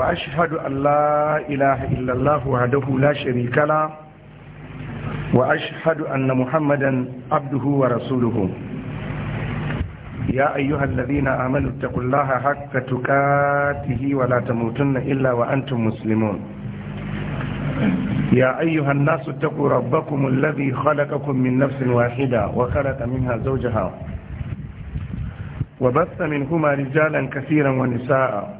وأشهد أن لا إله إلا الله وحده لا شريك له وأشهد أن محمدا عبده ورسوله يا أيها الذين آمنوا اتقوا الله حق تكاته ولا تموتن إلا وأنتم مسلمون يا أيها الناس اتقوا ربكم الذي خلقكم من نفس واحدة وخلق منها زوجها وبث منهما رجالا كثيرا ونساء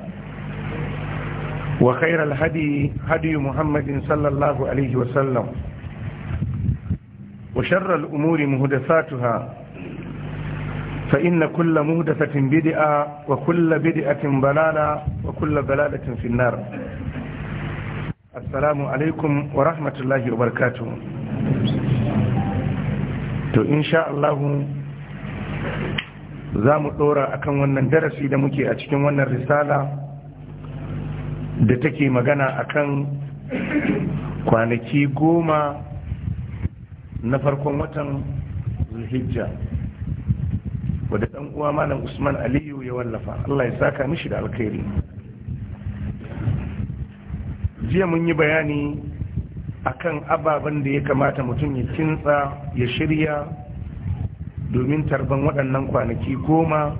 وخير الهدي هدي محمد صلى الله عليه وسلم وشر الأمور مهدفاتها فإن كل مهدفة بدئة وكل بدئة بلالة وكل بلالة في النار السلام عليكم ورحمة الله وبركاته to insha Allahu za mu ɗora akan wannan darasi da muke a cikin wannan risala da take magana akan kwanaki goma na farkon watan zulhijja wadda ɗan uwa malam usman aliyu ya wallafa allah ya saka mishi da alkhairi jiya mun yi bayani akan ababen da ya kamata mutum ya kintsa ya shirya domin tarban waɗannan kwanaki goma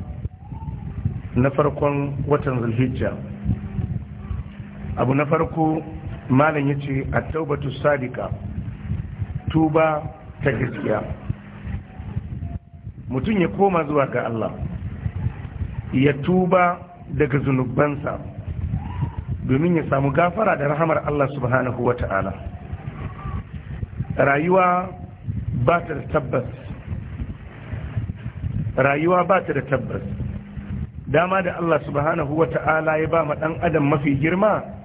na farkon watan zulhijja abu na farko malam ya ce a taubatu sadika tuba ta gaskiya mutum ya koma zuwa ga Allah ya tuba daga zunubansa domin ya samu gafara da rahamar Allah subhanahu wa ta'ala rayuwa ba ta da tabbas rayuwa ba ta da tabbas dama da Allah subhanahu wa ta'ala ya ba ma ɗan adam mafi girma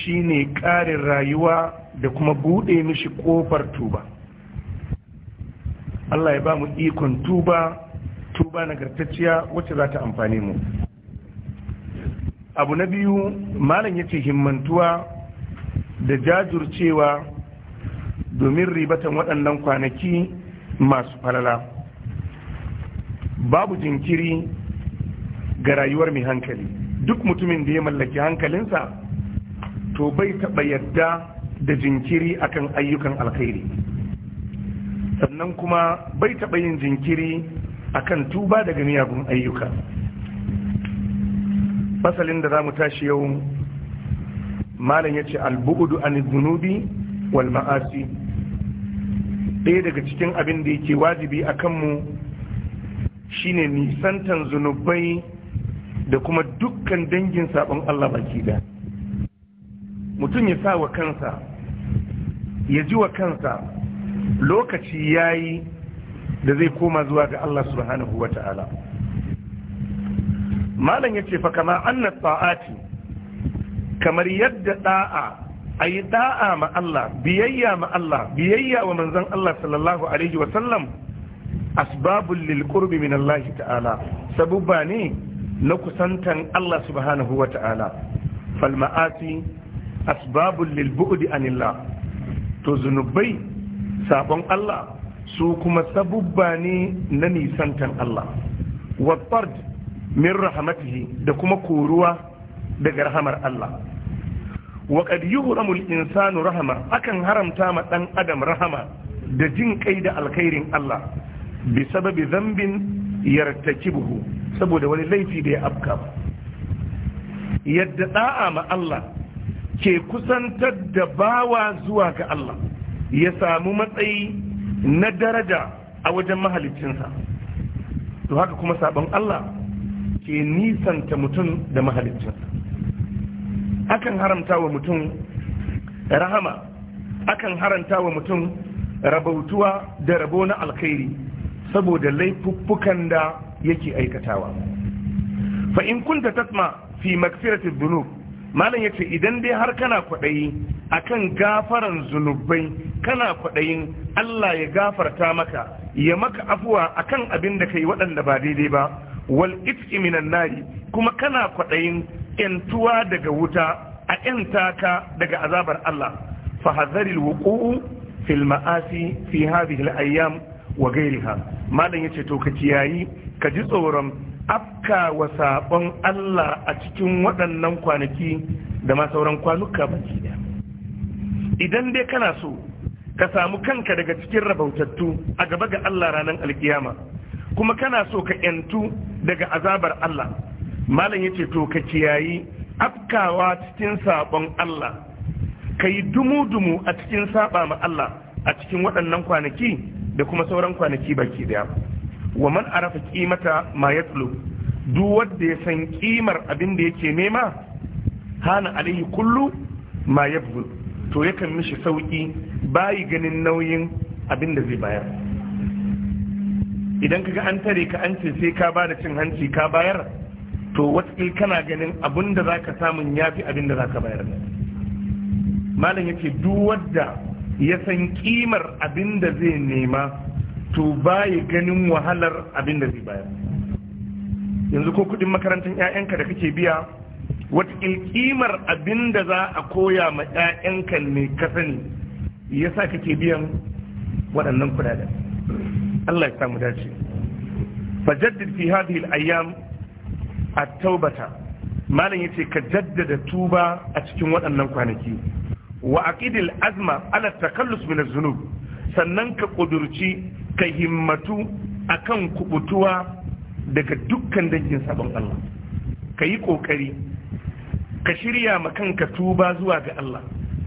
shine ƙarin rayuwa da kuma buɗe mishi ƙofar tuba Allah ya ba mu ikon tuba tuba nagartacciya wacce za ta amfani mu abu na biyu malam ya ce himmantuwa da jajircewa domin ribatan waɗannan kwanaki masu falala babu jinkiri ga rayuwar mai hankali duk mutumin da ya mallaki hankalinsa to bai taɓa yadda da jinkiri akan ayyukan alkhairi sannan kuma bai taɓa yin jinkiri akan tuba daga miyagun ayyuka fasalin da za mu tashi yau malam ya ce albu'udu an zunubi wal ma'asi ɗaya daga cikin abin da yake wajibi a kanmu shine nisantan zunubai da kuma dukkan dangin sabon Allah baki da mutum ya sa wa kansa ya ji wa kansa lokaci ya yi da zai koma zuwa ga Allah subhanahu wa ta'ala malam ya ce fa kama annas ta'ati kamar yadda da'a a yi da'a ma Allah biyayya ma Allah biyayya wa manzon Allah sallallahu alaihi wa sallam min Allah ta'ala sabubba ne na kusantan Allah subhanahu wa ta'ala asbabun lilbu'udi bu'di anillah to zunubai sabon Allah su kuma sabubba ne na nisantan Allah wa min rahmatihi da kuma koruwa daga rahamar Allah wa yi yuhramul insanu rahama akan haramta ma ɗan adam rahama da jin kai da alkhairin Allah bi sababi yartaki yartakibuhu saboda wani laifi da ya afka yadda ɗa'a ma Allah ke kusantar da bawa zuwa ga Allah ya samu matsayi na daraja a wajen mahalicinsa to haka kuma sabon Allah ke nisanta mutum da mahalicinsa akan haramta wa mutum rahama akan haramta wa mutum rabautuwa da rabo na alkhairi saboda laifuffukan da yake aikatawa fa in kunta tatma fi magfirati dhunub malam ya ce idan dai har kana kwaɗayi akan gafaran zunubai kana kwaɗayin Allah ya gafarta maka ya maka afuwa akan abin da yi waɗanda ba daidai ba wal itki minan nari kuma kana kwaɗayin yantuwa daga wuta a 'yan ka daga azabar Allah fa hazaril wuqu'u fil ma'asi fi hadhihi al ayyam wa ghayriha malam yace to ka kiyayi ka ji tsoron afka wa saɓon Allah a cikin waɗannan kwanaki da ma sauran kwanuka baki ɗaya idan dai kana so ka samu kanka daga cikin rabautattu a gaba ga Allah ranar alkiyama kuma kana so ka yantu daga azabar Allah malam ya ce to ka kiyayi afkawa cikin saɓon Allah ka yi dumu-dumu a cikin saɓa ma Allah a cikin waɗannan kwanaki da kuma sauran kwanaki baki ɗaya wa man arafa kimata ma yatlu duk wanda ya san kimar abin da yake nema hana alaihi kullu ma yabdu to yakan mishi sauki bayi ganin nauyin abin da zai bayar idan kaga an tare ka an ce sai ka ba da cin hanci ka bayar to watakil kana ganin abin da zaka samun yafi abin da zaka bayar malam yake duk wadda ya san kimar abin da zai nema to bayi ganin wahalar abin da zai bayar yanzu ko kudin makarantar 'ya'yanka da kake biya wata kimar abin da za a koya ma 'ya'yanka ne ka sani ya sa kake biyan waɗannan kudaden Allah ya samu dace fajaddid fi hadhihi al-ayyam at-taubata malam yace ka jaddada tuba a cikin waɗannan kwanaki wa aqidil azma ala takallus min az-zunub sannan ka kudurci ka himmatu a kan kubutuwa daga dukkan dangin sabon Allah ka yi ƙoƙari ka shirya ma kanka tuba zuwa ga Allah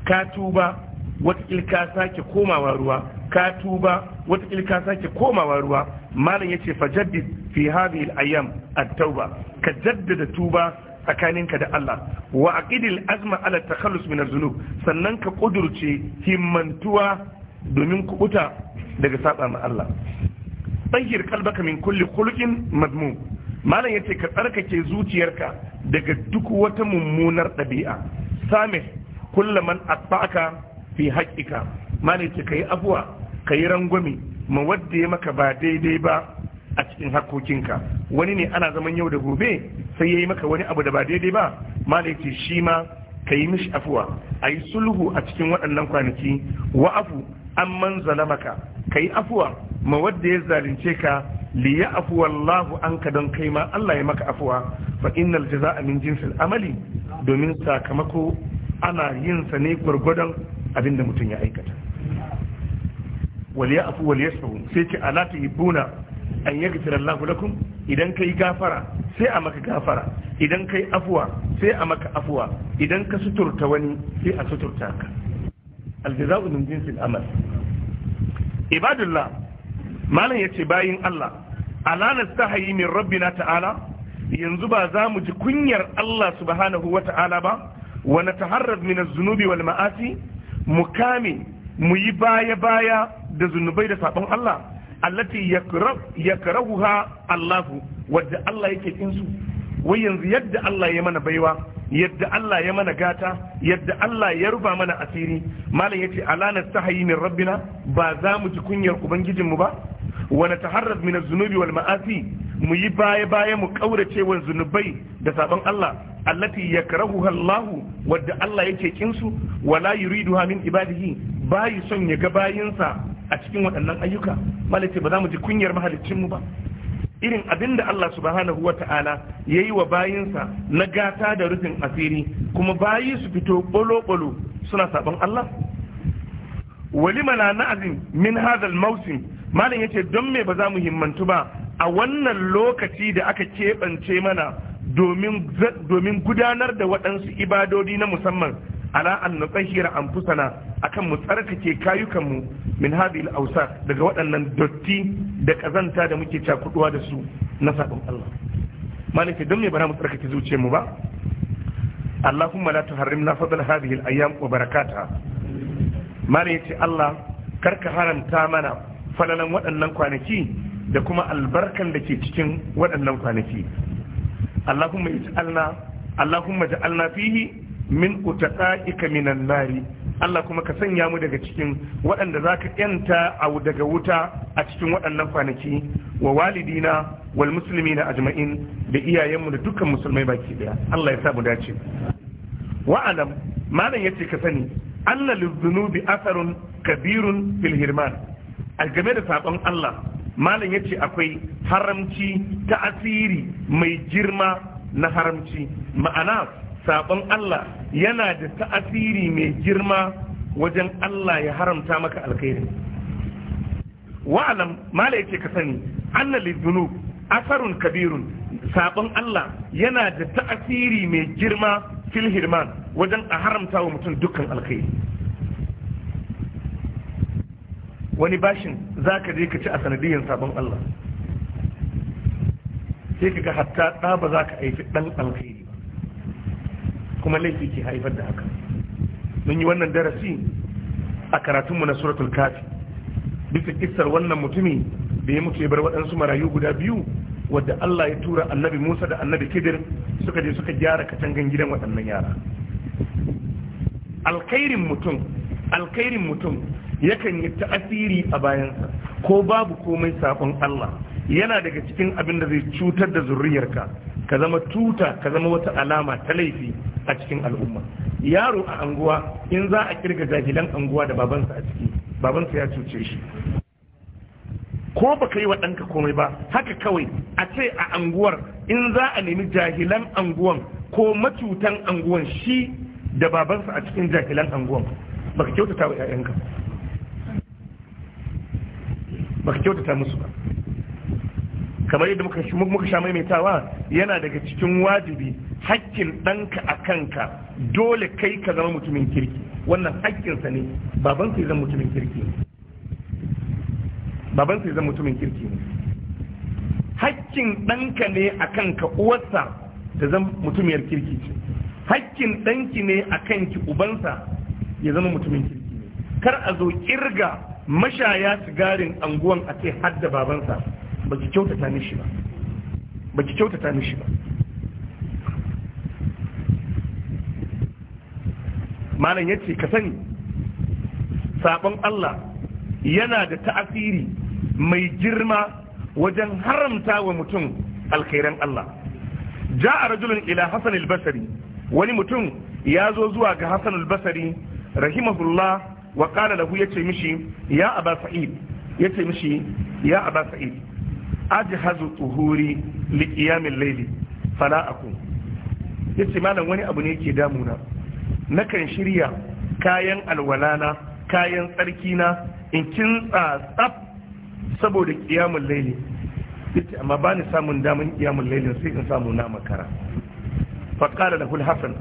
ka tuba watakil ka sake komawa ruwa ka tuba watakil ka sake komawa ruwa malam ce fa jaddid fi hadhihi al-ayyam at-tauba ka jaddada tuba tsakaninka da Allah wa aqidil azma ala takhallus min az-zunub sannan ka ƙudurce himmantuwa domin kubuta daga saba ma Allah tahir kalbaka min kulli khuluqin madmum malam yace ka tsarkake zuciyarka daga duk wata mummunar ɗabi'a same man atba'aka fi haqqika malam yace kai afwa kai rangwami ma wadda ya maka ba daidai ba a cikin hakokinka wani ne ana zaman yau da gobe sai yayi maka wani abu da ba daidai ba malam yace shi ma ka yi mishi afuwa a yi sulhu a cikin waɗannan kwanaki wa afu an man zalamaka kai afuwa ma wanda ya zalunce ka li ya afuwa Allahu an ka don kai ma Allah ya maka afuwa fa innal jaza'a min jinsil amali domin sakamako ana yin sa ne gwargwadon abinda mutum ya aikata wal ya afu wal yasfu sai ki alati ibuna an yaghfira Allahu lakum idan kai gafara sai a maka gafara idan kai afuwa sai a maka afuwa idan ka suturta wani sai a suturta ka aljaza'u min jinsil amali. ibadullah malam yace bayin Allah alana stahayi min rabbina ta'ala yanzu ba za mu ji kunyar Allah subhanahu wa ta'ala ba wa nataharrad min az-zunubi wal ma'asi mu kame mu yi baya baya da zunubai da sabon Allah allati yakrahu yakrahuha Allah wadda Allah yake su. wai yanzu yadda Allah ya mana baiwa yadda Allah ya mana gata yadda Allah ya ruba mana asiri malam yace alana tahayi min rabbina ba za mu ji kunyar mu ba wa nataharrab min az-zunubi wal ma'asi mu yi baya baya mu kaurace wa zunubai da sabon Allah allati yakrahuha Allah wadda Allah yake kin su wala yuriduha min ibadihi bayi son ya ga bayinsa a cikin waɗannan ayyuka malam yace ba za mu ji kunyar mahaliccinmu ba irin abin da Allah subhanahu wa ta'ala ya yi wa bayinsa na gata da rufin asiri kuma bayi su fito bolo-bolo suna sabon Allah walima na na'azin min hadal mausin, malam yace don me ba za mu himmantu ba a wannan lokaci da aka keɓance mana domin gudanar da waɗansu ibadodi na musamman ala an nutsahira anfusana akan mu tsarkake kayukanmu min hadhihi al-awsar daga waɗannan dotti da kazanta da muke cakuduwa da su na sabon Allah malaka don me bara mu tsarkake zuciyar mu ba Allahumma la tuharrimna fadl hadhihi al-ayyam wa barakata. malaka ce Allah karka haramta mana falalan waɗannan kwanaki da kuma albarkan da ke cikin waɗannan kwanaki Allahumma ij'alna Allahumma ja'alna fihi min utaqa'ika minan nari Allah kuma ka sanya mu daga cikin waɗanda za ka yanta a daga wuta a cikin waɗannan kwanaki wa walidina wal musulmi na ajma'in da iyayenmu da dukkan musulmai baki daya Allah ya sa mu dace wa'alam malam yace ka sani anna lizunubi asarun kabirun fil hirman a game da sabon Allah malam yace akwai haramci ta asiri mai girma na haramci ma'ana Sabon Allah yana da ta'asiri mai girma wajen Allah ya haramta maka alkhairi wa'alam mala yake ka sani anna lidunub asarun kabirun sabon Allah yana da ta'asiri mai girma fil hirman wajen a haramta wa mutum dukkan alkhairi wani bashin za ka je ka ci a sanadiyyar sabon Allah sai ka ga hatta ɗa ba za ka aiki ɗan alkhairi kuma laifi ke haifar da haka mun yi wannan darasi a karatunmu na suratul kafi bisa kisar wannan mutumi da ya mutu ya bar waɗansu marayu guda biyu wadda Allah ya tura annabi Musa da annabi Kidir suka je suka gyara katangan gidan waɗannan yara alkhairin mutum alkhairin mutum yakan yi ta'asiri a bayansa ko babu komai sakon Allah yana daga cikin abin da zai cutar da zurriyarka ka zama tuta ka zama wata alama ta laifi a cikin al'umma yaro a anguwa in za a kirga jahilan anguwa da babansa a ciki babansa ya cuce shi ko ba ka yi wa ɗanka komai ba haka kawai a ce a anguwar in za a nemi jahilan anguwan ko macutan anguwan shi da babansa a cikin jahilan anguwan baka kyautata wa 'ya'yanka baka kyautata musu ba kamar yadda muka sha maimaitawa yana daga cikin wajibi hakkin ɗanka a kanka dole kai ka zama mutumin kirki wannan hakkinsa ne baban ya zama mutumin kirki ne baban sai zama mutumin kirki ne hakkin ɗanka ne a kanka uwarsa ta zama mutumiyar kirki ce hakkin ɗanki ne a kanki ubansa ya zama mutumin kirki ne kar a zo kirga mashaya sigarin anguwan a ce hadda babansa baki kyautata mishi ba ba ki kyautata mishi ba malam ya ce ka sani sabon Allah yana da ta'asiri mai girma wajen haramta wa mutum alkhairan Allah a rajulun ila Hassan al-Basri wani mutum ya zo zuwa ga Hassan al-Basri rahimahullah wa qala lahu yace mishi ya Aba Sa'id yace mishi ya Aba Sa'id ajhazu tuhuri li qiyamil layli fala akun yace malam wani abu ne yake damuna nakan shirya kayan alwalana kayan tsarkina in kin tsatsaf saboda kiyamun laili yace amma bani samun daman kiyamun laili sai in samu na makara fa qala lahu al-hasan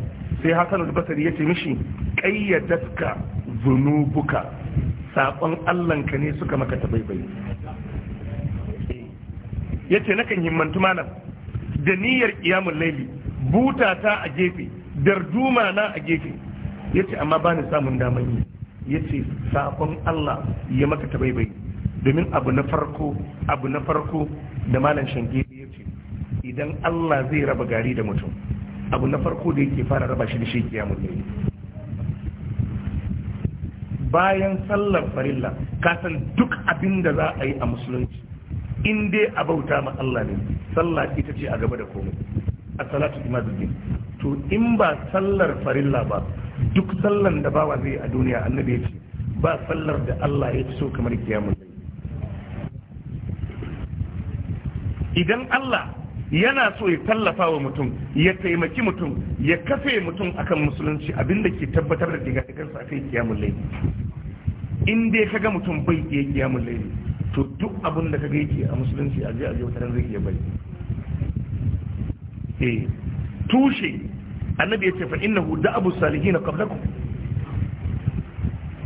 sai hasan al-basri yace mishi qayyadatka zunubuka sakon Allah ka ne suka maka tabaibai yace nakan himmantu malam da niyyar kiyamun laili buta ta a gefe darduma na a gefe ya ce amma ba ni samun daman yi ya ce sakon Allah ya maka tabaibai domin abu na farko abu na farko da malam shange ya ce idan Allah zai raba gari da mutum abu na farko da yake fara raba shi da shi kiyamun ne bayan sallar farilla ka san duk abin da za a yi a musulunci in dai a bauta ma Allah ne sallah ita ce a gaba da komai a salatu imazuddin to in ba sallar farilla ba duk sallar da bawa zai a duniya annabi ya ce ba sallar da Allah ya so kamar kiyamun idan Allah yana so ya tallafa wa mutum ya taimaki mutum ya kafe mutum akan musulunci abinda ke tabbatar da digadigarsa a kai kiyamun laifi in dai ka ga mutum bai iya kiyamun to duk abin da kaga yake a musulunci a je a je wata zai iya bai eh tushe annabi ya ce fa innahu da'abu salihin qablakum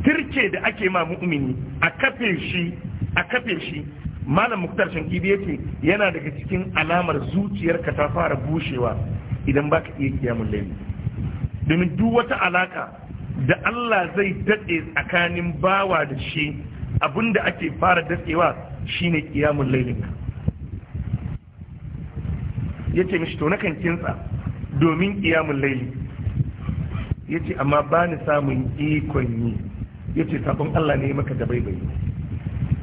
tirce da ake ma mu'mini a kafe shi a kafe shi malam muktar kibi yace yana daga cikin alamar zuciyarka ta fara bushewa idan baka iya kiyamun laili domin duk wata alaka da Allah zai dade tsakanin bawa da shi abinda ake fara datsewa shine kiyamun lailinka yace mishi to kan kintsa domin kiyamun laili ya ce amma ba ni samun ikon yi ya ce sabon Allah ne maka da bai bai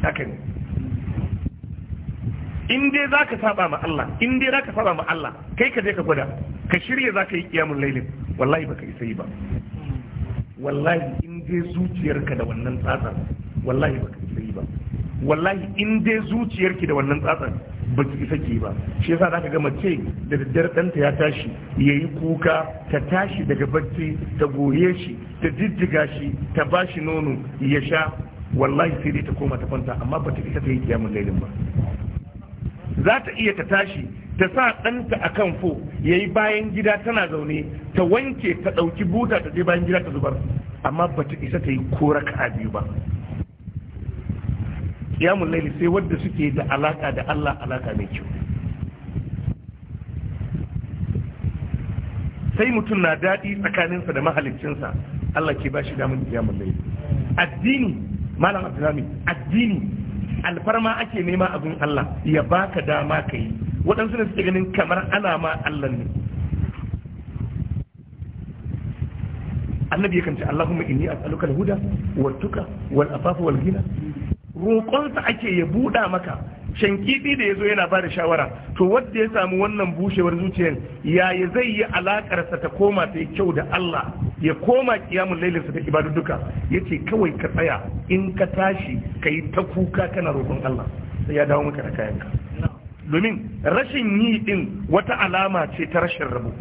haka ne in dai za ka saba ma Allah in dai za ka saba ma Allah kai ka je ka gwada ka shirya za ka yi kiyamun lailin wallahi ba ka isa yi ba wallahi in dai zuciyarka da wannan tsatsar wallahi ba ka isa yi ba wallahi in dai zuciyarki da wannan tsatsar ba ki isa ki ba shi yasa zaka ga mace da daddare ɗanta ya tashi yayi kuka ta tashi daga bacci ta goye shi ta jijjiga shi ta bashi nono ya sha wallahi sai dai ta koma ta kwanta amma ba ta isa ta yi kiyamun lailin ba za ta iya ta tashi ta sa ɗanta a kan fo ya yi bayan gida tana zaune ta wanke ta ɗauki buta ta je bayan gida ta zubar amma ba ta isa ta yi ko raka'a biyu ba qiyamul layli sai wanda suke da alaka da Allah alaka mai kyau sai mutum na daɗi tsakaninsa da mahaliccinsa Allah ke ba shi damar qiyamul layli addini malam abdulami addini alfarma ake nema abin Allah ya baka dama ka yi waɗansu ne suke ganin kamar ana ma Allah ne annabi ya ce Allahumma inni as'aluka al-huda wal tuqa wal afafa wal ghina roƙonsa ake ya buɗa maka shankiɗi da ya zo yana ba da shawara to wadda ya samu wannan bushewar zuciyar yaya zai yi alaƙarsa ta koma ta yi kyau da Allah ya koma kiyamun lailinsa da duka, ya ce kawai ka tsaya in ka tashi ka yi ta kuka kana roƙon Allah sai ya dawo maka da kayanka domin rashin yi ɗin wata alama ce ta rashin rabo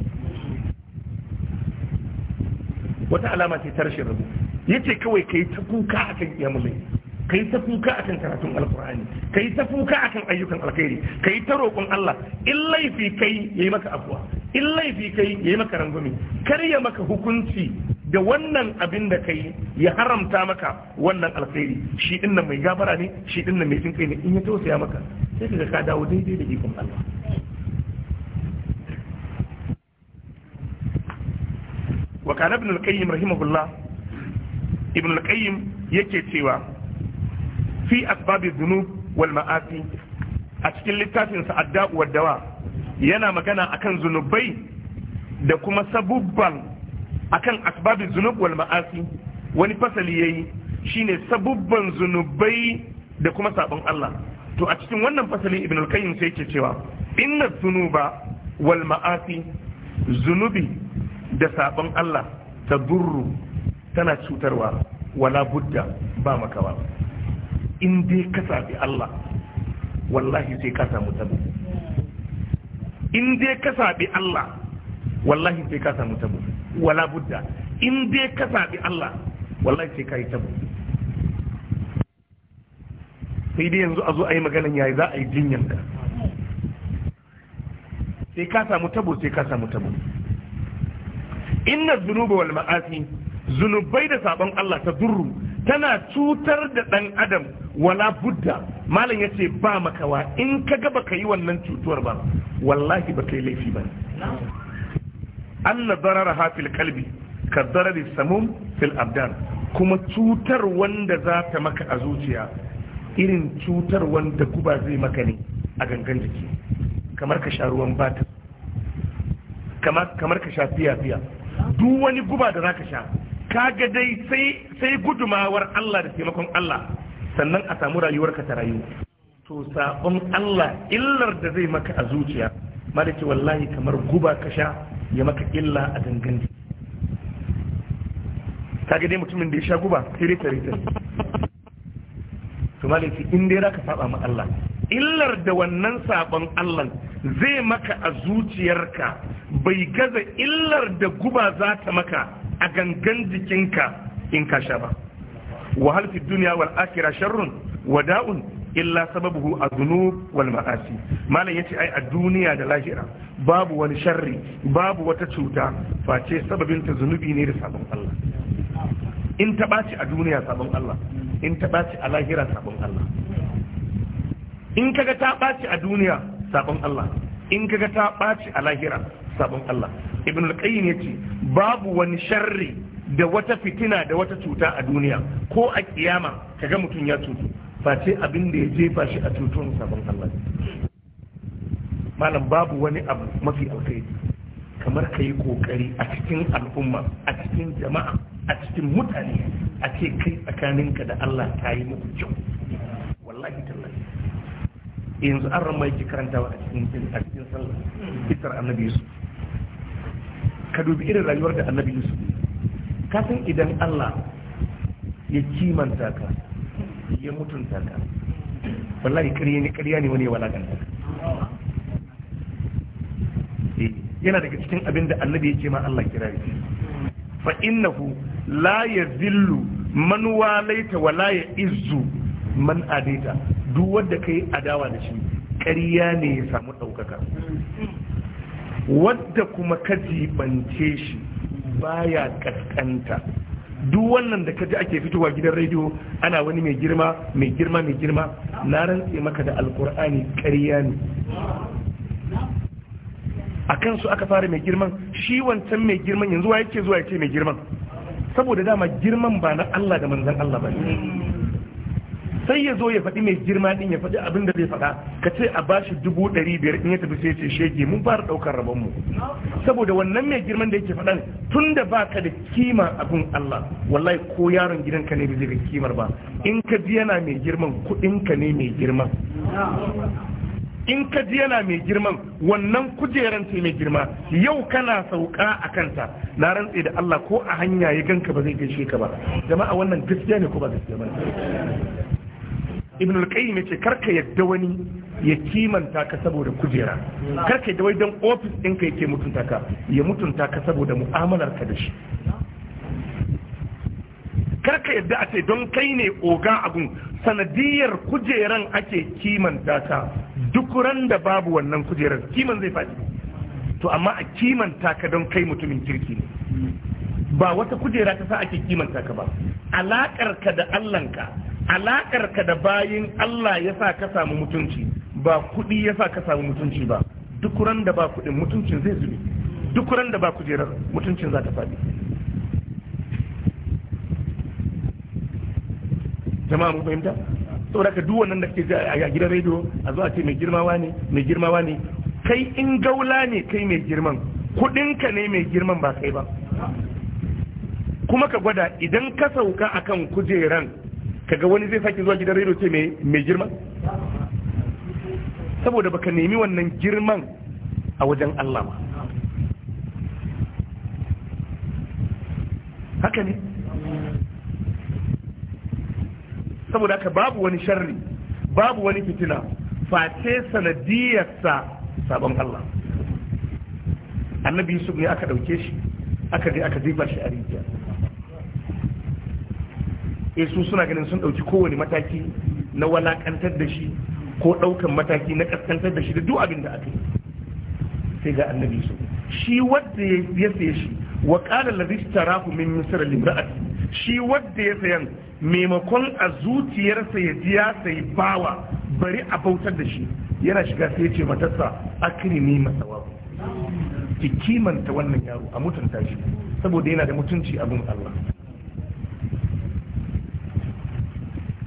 wata alama ce ta rashin rabo ya ce kawai ka yi ta kuka akan ƙiyamun lailin kai ta kuka kan karatun alkur'ani kai ta kuka kan ayyukan alkhairi kai ta roƙon Allah in laifi kai ya yi maka afwa in laifi kai ya yi maka rangwame kar ya maka hukunci da wannan abin da kai ya haramta maka wannan alkhairi shi din nan mai gabara ne shi din nan mai jin kai ne in ya tausaya maka sai kaga ka dawo daidai da ikon Allah Ibn ابن القيم رحمه Ibn ابن القيم yake cewa fi asbabi dhunub wal ma'asi a cikin littafin sa adda'u dawa yana magana akan zunubai da kuma sabubban akan asbabi dhunub wal ma'asi wani fasali yayi shine sabubban zunubai da kuma sabon Allah to a cikin wannan fasalin ibn al-qayyim sai yake cewa inna zunuba wal ma'asi zunubi da sabon Allah ta durru tana cutarwa wala budda ba makawa in dai ka sabi Allah wallahi sai ka samu tabo in dai ka sabi Allah wallahi sai ka samu tabo wala budda in dai ka sabi Allah wallahi sai ka yi tabo sai dai yanzu a zo a yi maganan yayi za a yi jinyar ka. sai ka samu tabo sai ka samu tabo inna zunuba wal ma'asi zunubai da sabon Allah ta durru tana cutar da ɗan adam wala budda malam ya ce ba makawa in ka ga baka yi wannan cutuwar ba wallahi ba kai laifi ba na zarara hafil kalbi ka zarari samun fil abdan kuma cutar wanda za ta maka a zuciya irin cutar wanda guba zai maka ne a gangan jiki kamar ka sha ruwan bata kamar ka sha fiya fiya duk wani guba da za ka sha kaga dai sai sai gudumawar Allah da taimakon Allah sannan a samu rayuwarka ta rayu to sabon Allah illar da zai maka a zuciya malaki wallahi kamar guba ka sha ya maka illa a dangane kaga dai mutumin da ya sha guba tare tare tare to malaki in dai zaka saba ma Allah illar da wannan sabon Allah zai maka a zuciyarka bai gaza illar da guba za ta maka a gangan jikinka in ka sha ba wa hal fi dunya wal akhirah sharrun wa da'un illa sababuhu az wal ma'asi malam yace ai a duniya da lahira babu wani sharri babu wata cuta face sababin ta zunubi ne da sabon Allah in ta ɓaci a duniya sabon Allah in ta ɓaci a lahira sabon Allah in kaga ta ɓaci a duniya sabon Allah in kaga ta ɓaci a lahira sabon Allah ibn al-qayyim yace babu wani sharri da wata fitina da wata cuta a duniya ko a kiyama kaga mutum ya cutu face abin da ya jefa shi a cutun sabon Allah malam babu wani abu mafi alkhairi kamar ka kokari a cikin al'umma a cikin jama'a a cikin mutane a ce kai tsakaninka da Allah ta yi muku kyau wallahi tallahi yanzu an ramai ki karantawa a cikin sallah fitar annabi yusuf ka dubi irin rayuwar da annabi yusuf ka san idan allah ya kimanta ka ya mutunta ka wallahi ƙarya ne ƙarya ne wani walakanta eh, yana daga cikin abin da annabi ce ma Allah kirari fa innahu la zillu man walaita wa la izzu man adaita duk wanda kai adawa da shi ƙarya ne ya samu ɗaukaka wadda kuma ka jibance shi baya kaskanta duk wannan da ka kaji ake fitowa gidan rediyo ana wani mai girma mai girma mai girma na rantse maka da alkur'ani ƙarya ne a kansu aka fara mai girman shi wancan mai girman yanzu wa yake zuwa yake mai girman saboda dama girman ba na Allah da manzan Allah ba sai ya zo ya faɗi mai girma ɗin ya faɗi abin da zai faɗa ka ce a bashi dubu ɗari biyar in ya tafi sai ce shege mun fara ɗaukar rabon mu saboda wannan mai girman da yake faɗan tun da ba ka da kima abin Allah wallahi ko yaron gidan ka ne bai ga kimar ba in ka ji yana mai girman kuɗin ka ne mai girman in ka ji yana mai girman wannan kujeran ce mai girma yau kana sauka a kanta na rantse da Allah ko a hanya ya ganka ba zai gaishe ka ba jama'a wannan gaskiya ne ko ba gaskiya ba ibn al-qayyim yace karka yadda wani ya kimanta ka saboda kujera karka yadda wai dan office din ka yake mutunta ka ya mutunta ka saboda mu'amalar ka da shi karka yadda a ce don kai ne oga abun sanadiyar kujeran ake kimanta ka duk ran da babu wannan kujeran kiman zai faɗi to amma a kimanta ka don kai mutumin kirki ne ba wata kujera ta sa ake kimanta ka ba alakar ka da allahnka alakar ka da bayin Allah ya sa ka samu mutunci ba kuɗi ya sa ka samu mutunci ba duk ran da ba kuɗin mutuncin zai zube duk ran da ba kujerar mutuncin za ta faɗi jama'a mun fahimta saboda ka duk wannan da ke a gidan rediyo a zo a ce mai girmawa ne mai girmawa ne kai in gaula ne kai mai girman kuɗinka ne mai girman ba kai ba kuma ka gwada idan ka sauka akan kujeran kaga wani zai sake zuwa gidan rediyo ce mai girma saboda baka nemi wannan girman a wajen Allah ba haka ne saboda haka babu wani sharri babu wani fitina face sanadiyarsa sabon Allah annabi yusuf ne aka ɗauke shi aka je aka ziba shi a rijiya eh su suna ganin sun dauki kowane mataki na walakantar da shi ko ɗaukan mataki na kaskantar da shi da duk abin da aka yi sai ga annabi su shi wanda ya saye shi wa qala ladistara tarahu min misr limra'ati shi wadda ya sayan maimakon a zuciyarsa ya ji ya sayi bawa bari a bautar da shi yana shiga sai ce matarsa akrimi masawa ki kimanta wannan yaro a mutunta shi saboda yana da mutunci abin Allah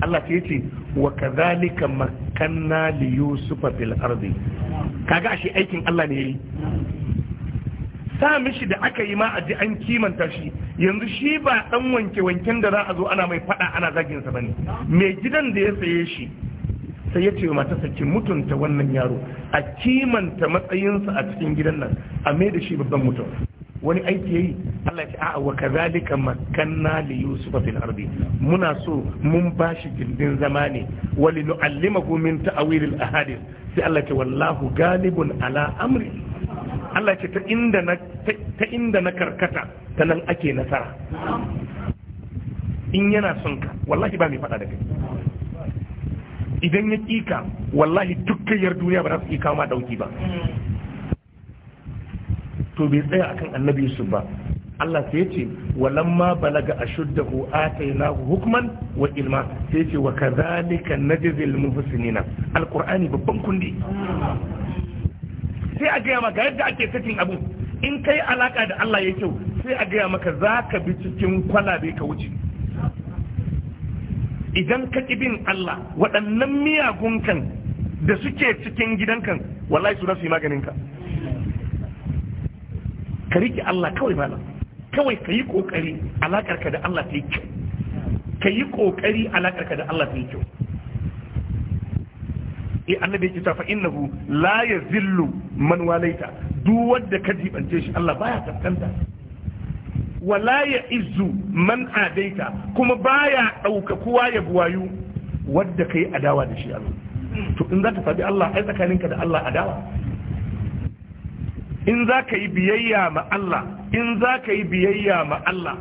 Allah yi ce wa kadhalika makanna li yusufa fil ardi kaga ashe aikin Allah ne yayi sa mishi da aka yi ma a ji an kimanta shi yanzu shi ba dan wanke wanken da za a zo ana mai fada ana zagin sa bane mai gidan da ya saye shi sai ya ce wa mata ki mutunta wannan yaro a kimanta matsayinsa a cikin gidan nan a mai da shi babban mutum wani aiki yayi Allah ya ce a'a wa kazalika makanna li yusuf fil ardi muna so mun bashi gindin zama ne wali nu'allimahu min ta'wil al ahadith sai Allah ya ce wallahu galibun ala amri Allah ya ce ta inda na ta inda na karkata ta nan ake nasara in yana son ka wallahi ba mai fada da kai idan ya kika wallahi dukkan yar duniya ba za su iya ma dauki ba to bai tsaya akan annabi su ba Allah sai ce walamma balaga ashuddahu atainahu hukman wa ilma sai ce wa kadhalika najzil muhsinina alqur'ani babban kundi sai a gaya maka yadda ake sakin abu in kai alaka da Allah ya kyau sai a gaya maka zaka bi cikin kwalabe ka wuce idan ka bin Allah waɗannan miyagun da suke cikin gidankan wallahi su rasu maganin ka ka riƙe Allah kawai malam kawai ka yi ƙoƙari alaƙarka da Allah ta yi kyau ka yi ƙoƙari alaƙarka da Allah ta yi kyau e annabi yake tafa innahu la yazillu man walaita duk wanda ka jibance shi Allah baya kaskanta wala ya izzu man adaita kuma baya dauka kowa ya buwayu wadda ka yi adawa da shi Allah to in za zaka faɗi Allah ai tsakaninka da Allah adawa in za ka yi biyayya ma Allah in za ka yi biyayya ma Allah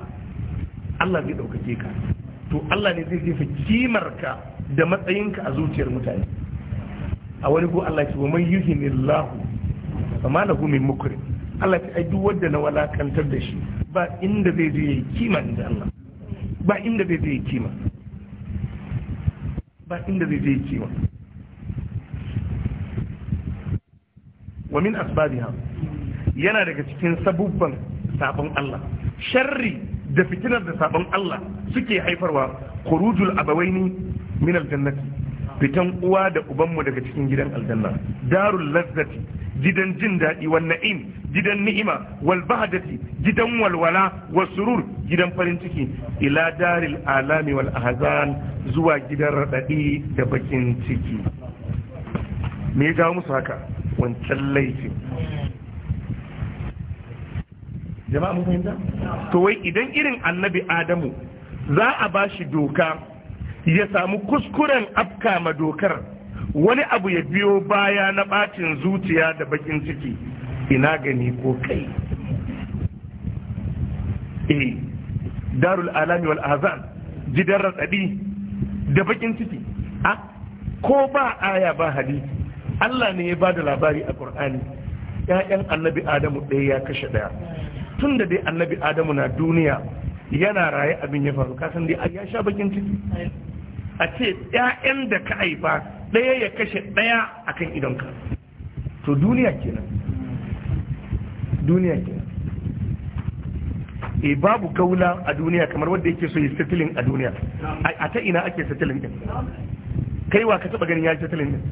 Allah zai ɗaukake ka to Allah ne zai jefa kimarka da matsayinka a zuciyar mutane a wani ko Allah ce wa man yuhinillahu amma na min mukuri Allah ce ai duk wanda na walakantar da shi ba inda zai je yi kima inda Allah ba inda zai je yayi kima ba inda zai je kima wa min asbabiha yana daga cikin sabubban sabon Allah sharri da fitinar da sabon Allah suke haifarwa khurujul abawaini min aljannati fitan uwa da ubanmu daga cikin gidan aljanna darul lazzati gidan jin daɗi wan na'im gidan ni'ima wal bahadati gidan walwala wa surur gidan farin ciki ila daril alami wal ahzan zuwa gidan radadi da bakin ciki me ya jawo musu haka wancan laifin jama'a mun fahimta to wai idan irin annabi adamu za a ba shi doka ya samu kuskuren afka ma dokar wani abu ya biyo baya na bacin zuciya da bakin ciki ina gani ko kai eh darul alami wal azan gidan ratsadi da bakin ciki a ah, ko ba aya ba hadisi Allah ne ya ba da labari a ƙur'ani 'ya'yan annabi Adamu ɗaya ya kashe ɗaya tun da dai annabi Adamu na duniya yana raye abin ya faru kasan dai ya sha bakin ciki a ce 'ya'yan da ka haifa ɗaya ya kashe ɗaya akan idonka to duniya kenan duniya kenan e babu kaula a duniya kamar wanda yake so yi settling a duniya a ta ina ake settling din kai wa ka taba ganin ya settling din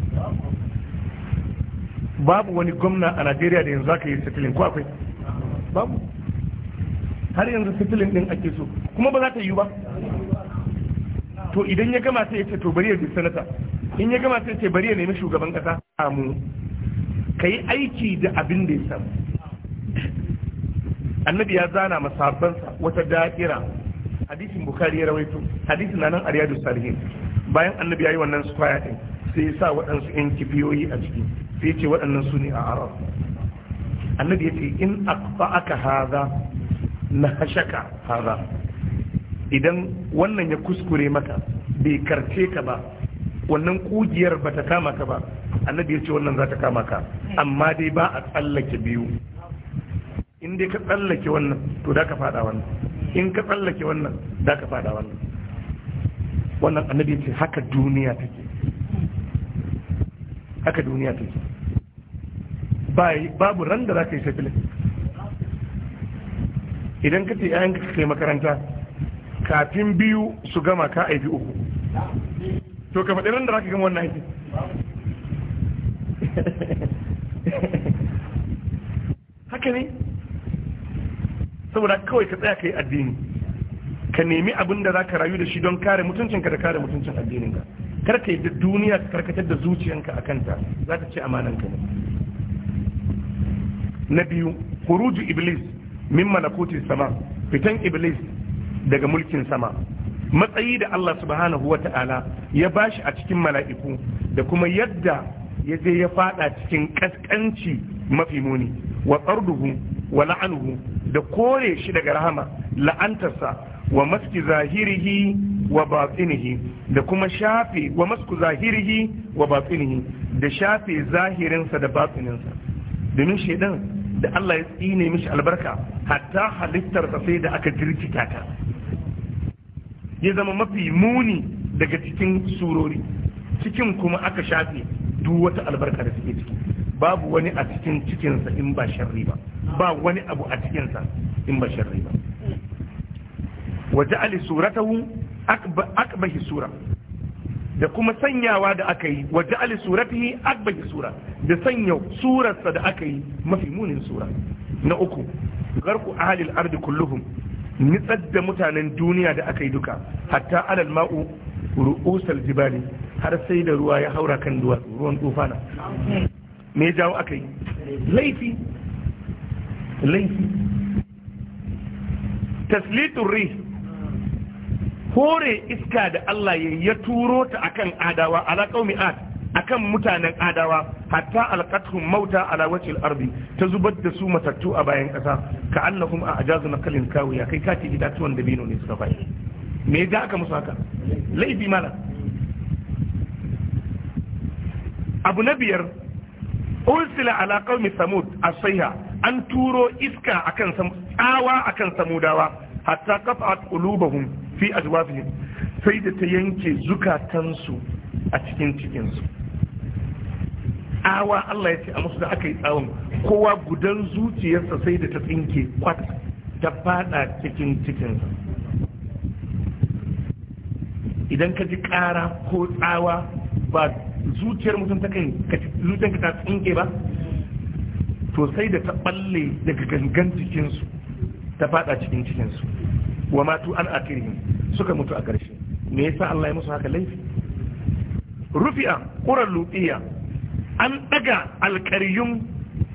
babu wani gwamna a najeriya da yanzu zaka yi sitilin ko akwai babu har yanzu sitilin din ake so kuma ba za ta yi ba to idan ya gama sai ya ce to bari ya bi sanata in ya gama sai ya ce bari ya nemi shugaban kasa samu ka yi aiki da abin da ya samu annabi ya zana masabansa wata da'ira hadisin bukari ya rawaito hadisin na nan a da salihin bayan annabi ya yi wannan square din sai ya sa waɗansu yan kibiyoyi a ciki sai ce waɗannan su ne a arab annabi ya ce in akwa aka haza na hashaka haza idan wannan ya kuskure maka bai karce ka ba wannan kugiyar ba ta kama ka ba annabi ya ce wannan za ta kama ka amma dai ba a tsallake biyu in dai ka tsallake wannan to da ka fada wannan in ka tsallake wannan da ka fada wannan wannan annabi ya ce haka duniya take haka duniya ta babu ran da za ka yi safilin idan ka ce yayin ka kai makaranta kafin biyu su gama ka aiki uku to ka faɗi ran da za ka gama wannan aiki haka ne saboda kawai ka tsaya ka yi addini ka nemi abin da za ka rayu da shi don kare mutuncinka da kare mutuncin addininka Kar ka yi duniya ka karkatar da zuciyanka a kanta za ta ce amananka ne na biyu huruju iblis min malakutin sama fitan iblis daga mulkin sama matsayi da Allah subhanahu wa ta'ala ya bashi a cikin mala'iku da kuma yadda ya je ya fada cikin kaskanci mafi muni wa tsarduhu wa la'anuhu da kore shi daga rahama la'antarsa wa maski zahirihi wa batsinihi da kuma shafe wa masku zahirihi wa batinihi da shafe zahirinsa da batininsa domin shaidan da Allah ya tsine mishi albarka hatta halittar sai da aka jirkita ta ya zama mafi muni daga cikin surori cikin kuma aka shafe duk wata albarka da suke ciki babu wani a cikin cikinsa in ba sharri ba ba wani abu a cikinsa in ba sharri ba waje ali suratahu akbahi sura da kuma sanyawa da aka yi wa ja'ali suratihi akbahi sura da sanya surarsa da aka yi mafi munin sura na uku garku ahalil ardi kulluhum nitsar da mutanen duniya da aka yi duka hatta alal ma'u ru'usal jibali har sai da ruwa ya haura kan duwatsu ruwan tufana me jawo aka yi laifi laifi taslitun rih hore iska da Allah ya turo ta akan adawa ala qaumi ad akan mutanen adawa hatta alqathum mauta ala wajhil ardi ta zubar da su matattu a bayan kasa ka annahum a ajazu nakalin kawiya kai kati itatuwan da bino ne suka bayi me ya aka musu haka laifi mana. abu na biyar ursila ala qaumi samud asaiha an turo iska akan tsawa akan samudawa hatta qat'at qulubahum fi azwafi sai da ta yanke zukatansu a cikin cikinsu awa Allah ya ce a musu da aka yi tsawon kowa gudan zuciyarsa sai da ta tsinke kwat ta fada cikin cikinsa idan ka ji kara ko tsawa ba zuciyar mutum ta kai zuciyarka ta tsinke ba to sai da ta balle daga gangan cikinsu ta fada cikin cikinsu wa matu an akirihim suka mutu a ƙarshe me yasa Allah ya musu haka laifi rufi'a ƙurar luɗiya an ɗaga alƙaryun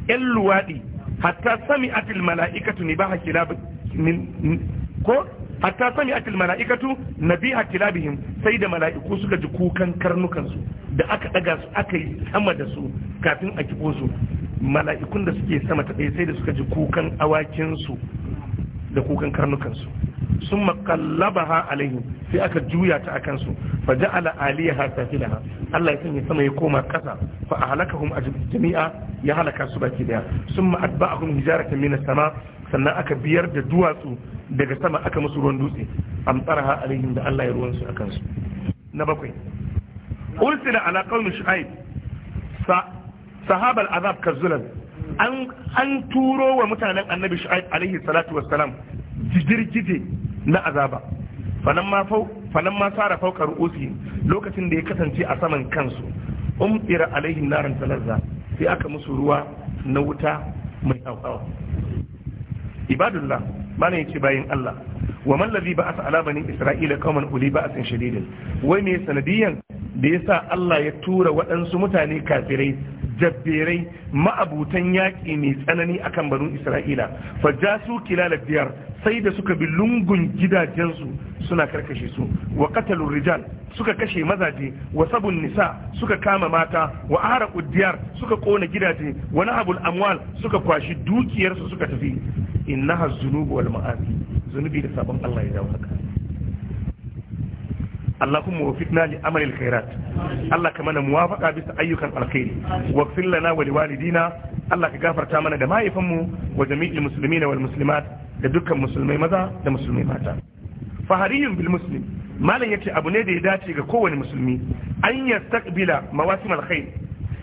'yan luwaɗi hatta sami atil mala'ikatu ne ba hakila ko hatta sami atil mala'ikatu na bi hakila sai da mala'iku suka ji kukan karnukansu da aka ɗaga su aka yi sama da su kafin a kibo su mala'ikun da suke sama ta ɗaya sai da suka ji kukan awakinsu da kukan karnukansu sun ha alaihim sai aka juya ta akan su fa ja'ala aliyaha safilaha Allah ya sanya sama ya koma kasa fa ahlakahum jami'a ya halaka su baki daya summa atba'ahum hijaratan min sama sannan aka biyar da duwatsu daga sama aka musu ruwan dutse amtaraha alaihim da Allah ya ruwan su akan su na bakwai ursila ala qaumi shu'aib sa sahabal azab kazulan an an turo wa mutanen annabi shu'aib alaihi salatu wassalam jirgije na azaba falan ma fara fauka ru'usi lokacin da ya kasance a saman kansu um alaihin alaihim naran talazza sai aka musu ruwa na wuta mai hauhawa ibadullah bana ce bayan Allah wa man ladhi ba'atha ala bani isra'ila qauman uli ba'sin shadidin wai ne sanadiyan da yasa Allah ya tura waɗansu mutane kafirai jabberai ma'abutan yaƙi mai tsanani akan banu Isra'ila fa su kilala biyar sai da suka bi lungun gidajensu suna karkashe su wa qatalu rijal suka kashe mazaje wa sabun nisa suka kama mata wa ara diyar suka kona gidaje wa nahabul amwal suka kwashi dukiyarsu suka tafi innaha zunubu wal ma'asi zunubi da sabon Allah ya dawo haka اللهم وفقنا لعمل الخيرات الله كمان موافقة بس أيها الخير واغفر لنا ولوالدينا الله كغفر تامنا دما يفهموا وجميع المسلمين والمسلمات لدك مسلمي ماذا لمسلمي ماتا فهري بالمسلم ما لن يكي أبو نيدي داتي كون مسلمي أن يستقبل مواسم الخير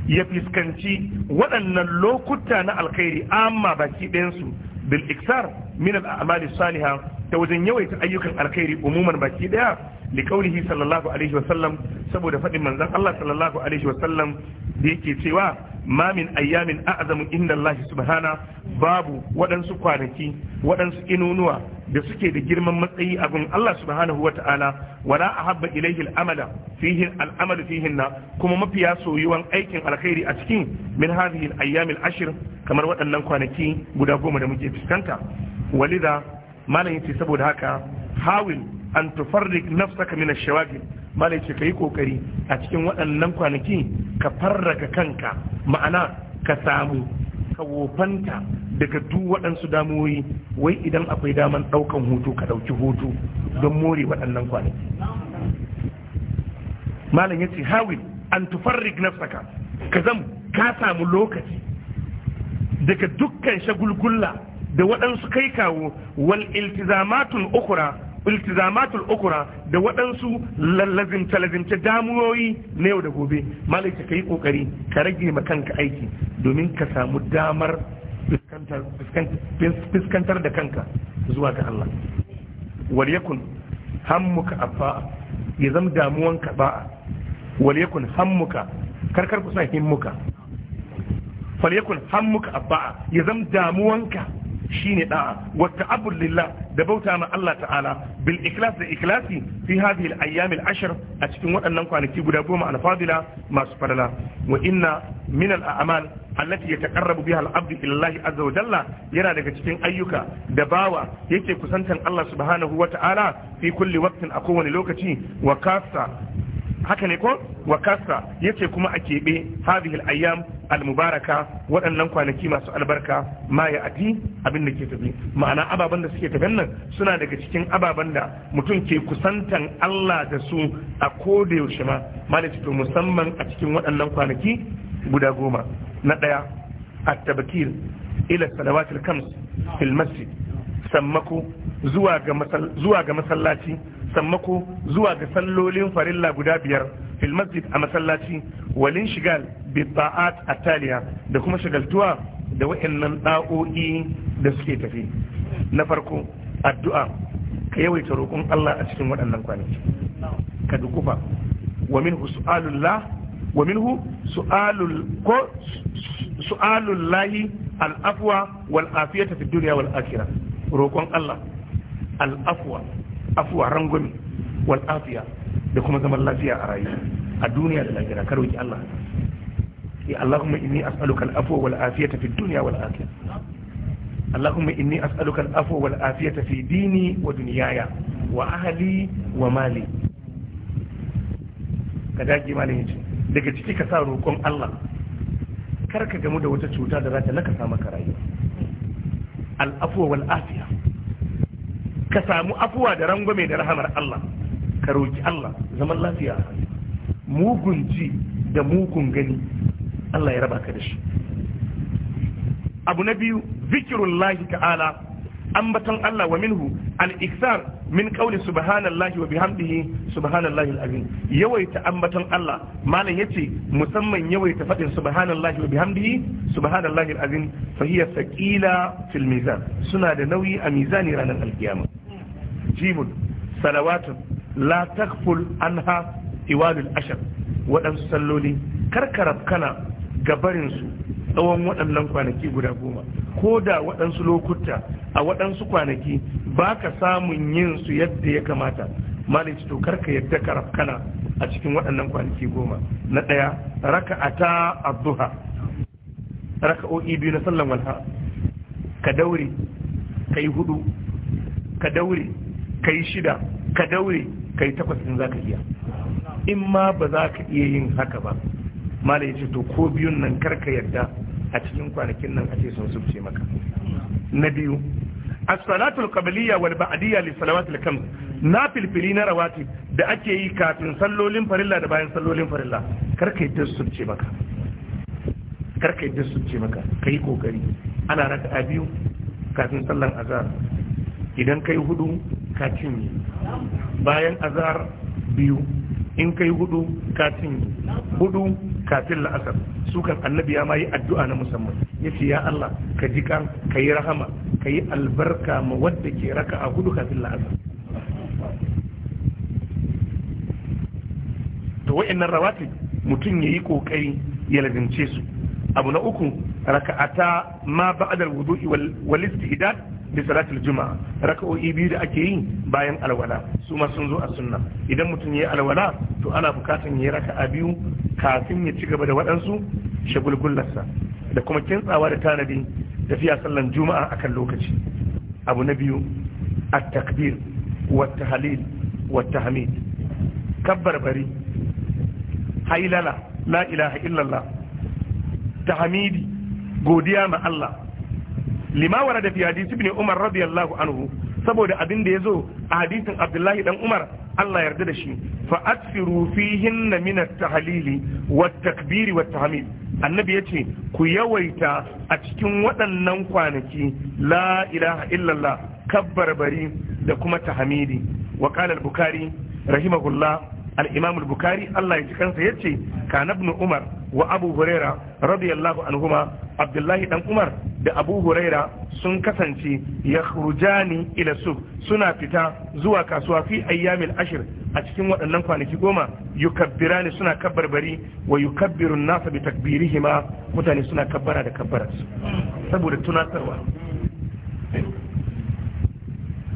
ya fiskanci waɗannan lokuta na alkhairi amma baki ɗayansu bil iksar min al a'mali salihah ta wajen yawaita ayyukan alkhairi umuman baki ɗaya li qawlihi sallallahu alaihi wa sallam saboda faɗin manzon Allah sallallahu alaihi wa sallam da yake cewa ma min ayyamin a'zamu inda Allah subhana babu waɗansu kwanaki waɗansu inunuwa da suke da girman matsayi a gun Allah subhanahu wa ta'ala wala ahabba ilayhi al-amala fihi al-amalu na kuma mafiya soyuwan aikin alkhairi a cikin min hadhihi al kamar waɗannan kwanaki guda goma da muke fuskanta walida malam yace saboda haka hawil an tufarrik nafsaka min ash-shawagil malai ce kai kokari a cikin waɗannan kwanaki ka farraka kanka ma'ana ka samu ka wofanta daga duk waɗansu damuwoyi wai idan akwai daman ɗaukan hutu ka ɗauki hutu don more waɗannan kwanaki malam yace hawi an tufarrik nafsaka ka zam ka samu lokaci daga dukkan shagulgulla da waɗansu kai kawo wal iltizamatul ukura. iltizamatul ukura da waɗansu lazimta lazimta damuwoyi na yau da gobe malai ka yi kokari ka rage ma kanka aiki domin ka samu damar fuskantar da kanka zuwa ga Allah wal yakun hammuka afa ya zama damuwanka ba'a wal yakun hammuka karkar kusa himmuka fal yakun hammuka afa ya zama damuwanka shine da'a wa ta'abbud lillah da bauta ma Allah ta'ala bil ikhlas da ikhlasi fi hadhihi al ayyam al ashr a cikin waɗannan kwanaki guda goma al fadila masu fadala wa inna min al a'mal allati yataqarrabu biha al abdu ila Allah azza wa jalla yana daga cikin ayyuka da bawa yake kusantan Allah subhanahu wa ta'ala fi kulli waqtin a kowane lokaci wa kafsa haka ne ko wa kasa yace kuma a keɓe hadhihi al-ayyam al-mubaraka waɗannan kwanaki masu albarka ma ya ati abin da ke tafi ma'ana ababan da suke tafi nan suna daga cikin ababan da mutum ke kusantan Allah da su a koda yaushe ma malaci to musamman a cikin waɗannan kwanaki guda goma na ɗaya at-tabkir ila salawatil kams fil masjid sammako zuwa ga masallaci sammako zuwa ga sallolin farilla guda biyar fil masjid a masallaci walin shigal bi ta'at taliya da kuma shigaltuwa da wa'annan da'o'i da suke tafi na farko addu'a ka yawaita roƙon Allah a cikin waɗannan kwanaki ka dukufa wa minhu su'alullah wa minhu su'alul ko su'alullahi al-afwa wal afiyata fid dunya wal akhirah roƙon Allah al-afwa afuwa rangwami wal afiya da kuma zaman lafiya a rayuwa a duniya da lafiya ka roki Allah ya Allahumma inni as'aluka al-afwa wal afiyata fid dunya wal akhirah اللهم إني أسألك الأفو والآفية في ديني ودنياي وأهلي ومالي كذلك ما لهج daga ciki ka sa roƙon Allah kar ka gamu da wata cuta da za ta nakasa maka rayuwa al'afuwa wal afiya ka samu afuwa da rangwame da rahamar Allah ka roki Allah zaman lafiya mugun ji da mugun gani Allah ya raba ka da shi abu na biyu zikirullahi ta'ala ambaton Allah wa minhu al-iksar min qawli subhanallahi wa bihamdihi subhanallahi al-azim yawaita ambaton Allah malam yace musamman yawaita fadin subhanallahi wa bihamdihi subhanallahi al-azim fa hiya thaqila fil mizan suna da nauyi a mizani ranar alkiyama jibun salawatun la taghful anha iwalul ashar waɗansu salloli karkarab kana barinsu. tsawon waɗannan kwanaki guda goma ko da waɗansu lokuta a waɗansu kwanaki ba ka samun yin su yadda ya kamata malici to karka yadda ka rafkana a cikin waɗannan kwanaki goma na ɗaya raka a ta abduha raka o'i biyu na sallan walha ka daure ka yi hudu ka daure ka yi shida ka daure ka yi takwas in za ka iya in ma ba za ka iya yin haka ba malai ce to ko biyun nan karka yadda a cikin kwanakin nan a ce sun sufce maka na biyu as-salatul qabliyya wal ba'diyya li salawatil khams na filfili na rawati da ake yi kafin sallolin farilla da bayan sallolin farilla karka yi su sufce maka karka yi su sufce maka kai kokari ana raka a biyu kafin sallan azhar idan kai hudu ka cinye bayan azhar biyu in kai hudu ka cinye hudu kafin la'asar su annabi ya ma yi addu'a na musamman ya ce ya Allah ka ji kan ka yi rahama ka yi albarka ma wadda ke raka a hudu kafin la'asar to wa'annan rawatib mutum ya yi kokari ya lazimce su abu na uku raka'ata ma ba'da al-wudu'i wal istihdad bi salatul juma'a raka'o'i biyu da ake yi bayan alwala su ma sun zo a sunna idan mutum ya yi alwala to ana bukatan ya yi raka'a biyu kafin ya ci gaba da waɗansu shagulgullarsa da kuma kintsawa da tanadi tafiya sallan juma'a akan lokaci abu na biyu at-takbir wa tahlil wa tahmid kabbar bari hailala la ilaha illallah tahmidi godiya ma Allah lima da fi hadisi ibn Umar radiyallahu anhu saboda abin da ya zo a hadisin abdullahi dan umar allah yarda da shi fa atfiru fihin na min tahalili wa takbiri wa tahmid annabi ya ce ku yawaita a cikin waɗannan kwanaki la ilaha illallah kabbarbari da kuma tahmidi wa qala al-bukhari rahimahullah al-imam al-bukhari allah ya ji kansa yace kana ibn umar wa abu huraira radiyallahu anhuma abdullahi dan umar da abu huraira sun kasance ya hurjani ila suk suna fita zuwa kasuwa fi ayyamin ashir a cikin waɗannan kwanaki goma yukabbirani suna kabbarbari wa yukabbirun nasa bi takbirihima mutane suna kabbara da kabbara saboda tunatarwa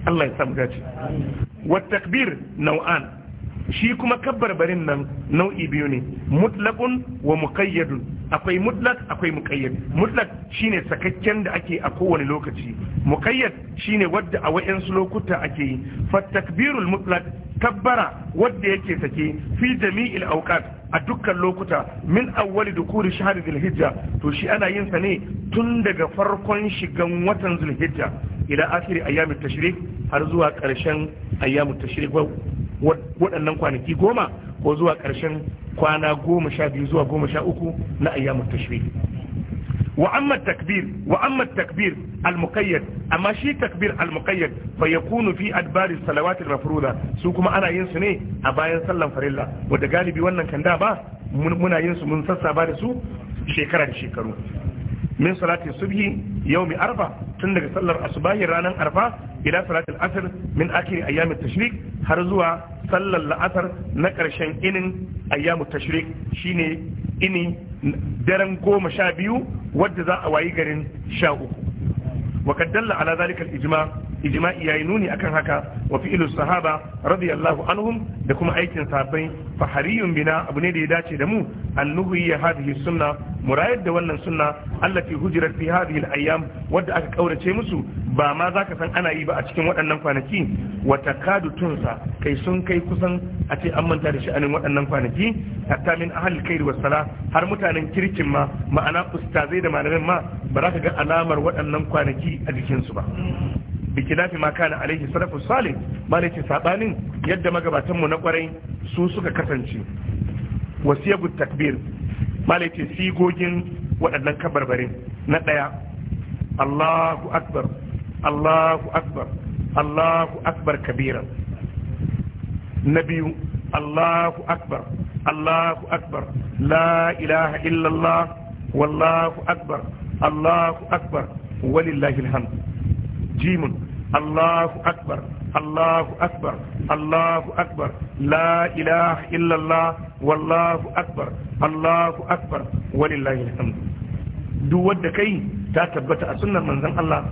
Allah ya samu gaci wa takbir nau'an shi kuma kabbarbarin nan nau'i biyu ne mutlaqun wa muqayyadun akwai mutlaq akwai muqayyad mutlaq shine sakakken da ake a kowane lokaci muqayyad shine wadda a wayansu lokuta ake yi fatakbirul Mutlak, mutlaq kabbara wadda yake sake fi jami'il awqat a dukkan lokuta min awwali dukuri shahr zulhijja to shi ana yin sa ne tun daga farkon shigan watan zulhijja ila akhiri ayyamut tashrik har zuwa karshen ayyamut tashrik waɗannan kwanaki goma ko zuwa ƙarshen kwana goma sha biyu zuwa goma sha uku na ayyamun tashri wa amma takbir wa amma takbir al-muqayyad amma shi takbir al-muqayyad fa yakunu fi adbari salawat al-mafruda su kuma ana yin su ne a bayan sallan farilla wanda galibi wannan kan da ba muna yin su mun sassaba da su shekara da shekaru min salati subhi yawmi arba tun daga sallar asubahi ranar arfa ila salatul asr min akhir ayyamit tashrik har zuwa sallar la'asar na karshen inin ayyamut tashrik shine ini daren goma sha biyu wadda za a wayi garin sha uku wa kaddalla ala zalika ijma ijma'i yayi nuni akan haka wa fi'lu sahaba radiyallahu anhum da kuma aikin sahabbai fa hariyun bina abu ne da ya dace da mu an ya hadhihi sunna murayar da wannan sunna allati hujirat fi hadhihi al-ayyam wadda aka kaurace musu ba ma zaka san ana yi ba a cikin waɗannan kwanaki wa takadu tunsa kai sun kai kusan a ce an manta da sha'anin waɗannan kwanaki hatta min ahli khair wa sala har mutanen kirkin ma ma'ana ustazai da malamin ma ba za ka ga alamar waɗannan kwanaki a jikinsu ba bi kilafi ma kana alaihi salafu salih malaki sabanin yadda magabatan mu na kwarai su suka kasance wasiyabu takbir malaki sigogin waɗannan kabarbarin na ɗaya Allahu akbar Allahu akbar Allahu akbar kabira na biyu Allahu akbar Allahu akbar la ilaha illallah wallahu akbar Allahu akbar walillahi alhamd jimun Allahu akbar Allahu akbar Allahu akbar la ilaha duk wanda kai ta tabbata a sunnar manzon Allah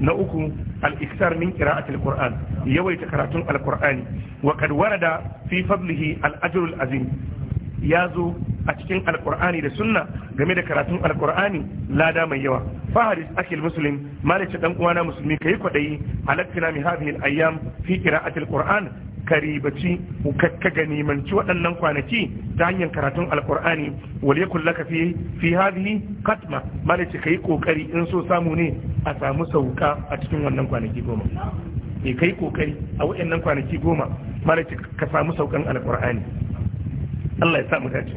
na uku al-iktar min qira'atil qur'an yawaita karatun al-qur'ani wa kad warada fi fadlihi al al-azim a cikin alkur'ani da sunna game da karatun alkur'ani lada mai yawa faharis akil muslim malice dan uwana musulmi kai kwadayi halaktina mi hadhihi al-ayyam fi qira'ati al-qur'an karibaci ka ganimanci waɗannan kwanaki ta hanyar karatun alkur'ani wale kullaka fi fi hadhihi katma malice kai kokari in so samu ne a samu sauka a cikin wannan kwanaki goma ne eh, kai kokari a waɗannan kwanaki goma malice ka samu saukan alkur'ani Allah ya sa mu dace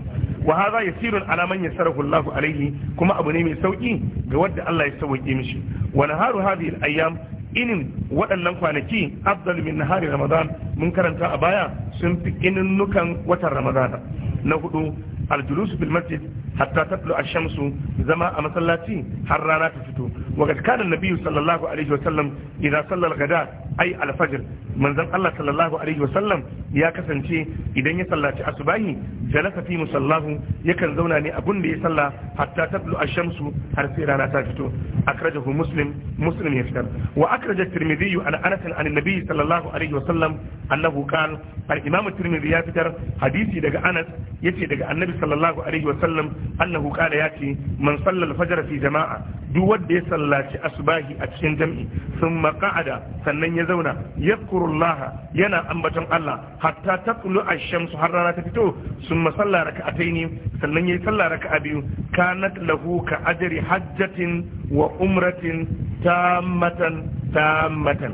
wa hadha yasirun ala man yasarahu Allahu alaihi kuma abu ne mai sauki ga wanda Allah ya sauke mishi wa naharu hadhihi al-ayyam inin waɗannan kwanaki afdal min nahari ramadan mun karanta a baya sun fi nukan watan ramadana na hudu aljulusu fil masjid hatta tatlu a shamsu zama a masallaci har rana ta fito wa kad kana nabiyyu sallallahu alaihi wa sallam idan sallar gada ghada ay al-fajr manzon Allah sallallahu alaihi wa sallam ya kasance idan ya sallaci asubahi jalasa fi musallahu yakan zauna ne abun da ya salla hatta tatlu a shamsu har sai rana ta fito akrajahu muslim muslim ya fitar wa akraja at-tirmidhi an anas an an sallallahu alaihi wa sallam annahu qala al-imam tirmidhi ya fitar hadisi daga Anas yace daga annabi sallallahu alaihi wa sallam annahu qala yati man salla al-fajr fi jama'a duk wanda ya sallaci asbahi a cikin jam'i thumma qa'ada sannan ya zauna yadhkuru Allah yana ambaton Allah hatta taqlu ash-shamsu har rana ta fito thumma salla raka'ataini sannan yayi salla raka'a biyu kanat lahu ka ajri hajjatin wa umratin tammatan tammatan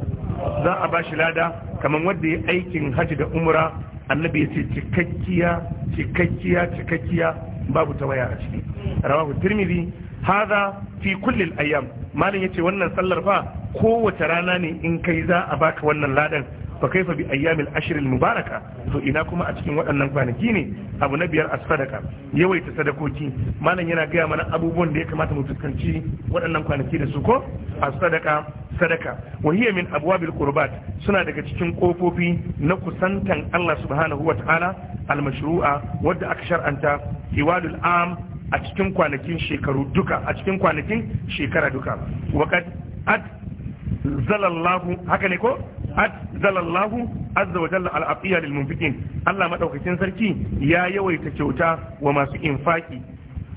za a bashi lada kamar wanda ya aikin hajji da umra annabi ya ce cikakkiya cikakkiya cikakkiya babu ta waya a ciki rawahu tirmidhi hadha fi kulli al-ayyam malin yace wannan sallar fa kowace rana ne in kai za a baka wannan ladan fa kaifa bi ayyamil ashr al-mubaraka to ina kuma a cikin waɗannan kwanaki ne abu na biyar as-sadaqa yawaita sadakoki malam yana gaya mana abubuwan da ya kamata mu fuskanci waɗannan kwanaki da su ko as-sadaqa sadaka wa min abwabil qurbat suna daga cikin kofofi na kusantan Allah subhanahu wa ta'ala al mashru'a wadda aka shar'anta hiwalul am a cikin kwanakin shekaru duka a cikin kwanakin shekara duka waqad at zalallahu haka ne ko at zalallahu azza wa jalla al aqiya lil munfiqin Allah madaukakin sarki ya yawaita kyauta wa masu infaki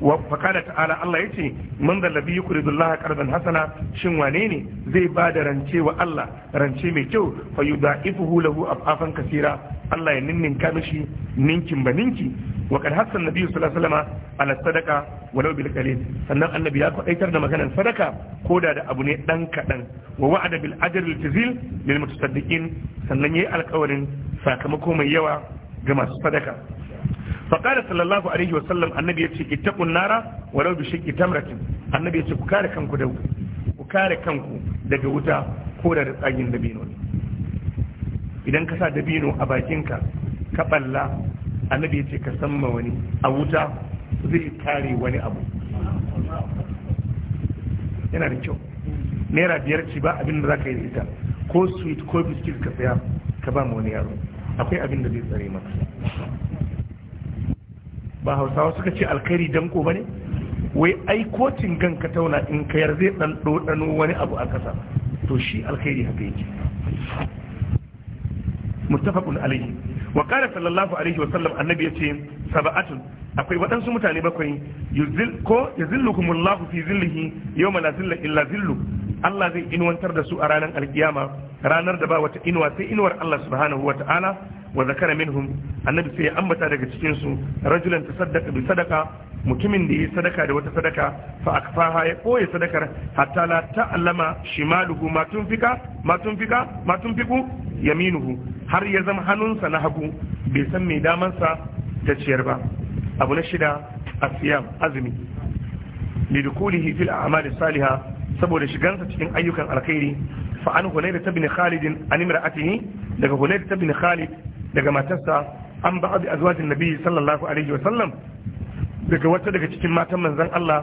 wa faqala ta'ala Allah yace man da labi yukridullaha Hassana shin wane ne zai ba da rance Allah rance mai kyau fa yudaifuhu lahu afafan kasira Allah ya ninninka mishi ninkin ba ninki wa kad hasan nabi sallallahu alaihi wasallam ala sadaqa walau sannan annabi ya kwaitar da maganar sadaka ko da abu ne dan kaɗan. wa wa'ada bil ajr al jazil lil sannan ya yi alƙawarin sakamako mai yawa ga masu sadaka فقال صلى الله عليه وسلم النبي يتشي اتقوا النار ولو بشق تمرة النبي يتشي كاري كنكو دو كاري كنكو daga wuta ko da tsagin dabino ne idan ka sa dabino a bakinka ka balla annabi ya ce ka samma wani a wuta zai kare wani abu yana da kyau naira biyar ci ba abin za ka yi da ita ko sweet ko biskit ka saya ka ba ma wani yaro akwai abinda zai tsare maka ba hausawa suka ce alkhairi dan ko bane wai ai kotin gan ka tauna in ka yar zai dan dodano wani abu a kasa, to shi alkhairi haka yake muttafaqun alayhi wa qala sallallahu Alayhi wa sallam annabi yace sab'atun akwai waɗansu mutane bakwai yuzil ko yuzillukumullahu fi zillihi yawma la zilla illa zillu Allah zai inuwantar da su a ranar alkiyama ranar da ba wata inuwa sai inuwar Allah subhanahu wa ta'ala wa zakara minhum annabi sai ya ambata daga cikin su rajulan tasaddaqa bi sadaqa mutumin da yi sadaka da wata sadaka fa akfaha ya koye sadakar hatta la ta'lama shimaluhu ma tunfika ma tunfika ma tunfiku yaminuhu har ya zama hannunsa na hagu bai san mai damansa ta ciyar ba abu na shida asiyam azumi lidukulihi fil a'mali salihah saboda shigansa cikin ayyukan alkhairi fa an hulayda tabni khalid an imra'atihi daga hulayda tabni khalid daga matarsa an ba abi azwajin nabi sallallahu alaihi wa sallam daga wata daga cikin matan manzon Allah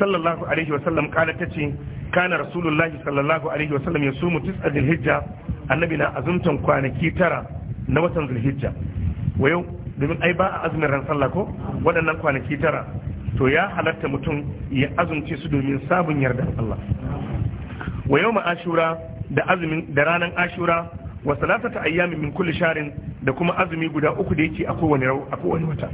sallallahu alaihi wa sallam kana tace kana rasulullahi sallallahu alaihi wa sallam yasumu tis'a dhilhijja annabi na azumtan kwanaki tara na watan zulhijja wa yau domin ai ba a azumin ran sallah ko waɗannan kwanaki tara to ya halatta mutum ya azumce su domin sabon yardan Allah wa yau ashura da azumin da ranar ashura wa salatata ayyami min kulli sharin da kuma azumi guda uku da yake a kowane a kowane wata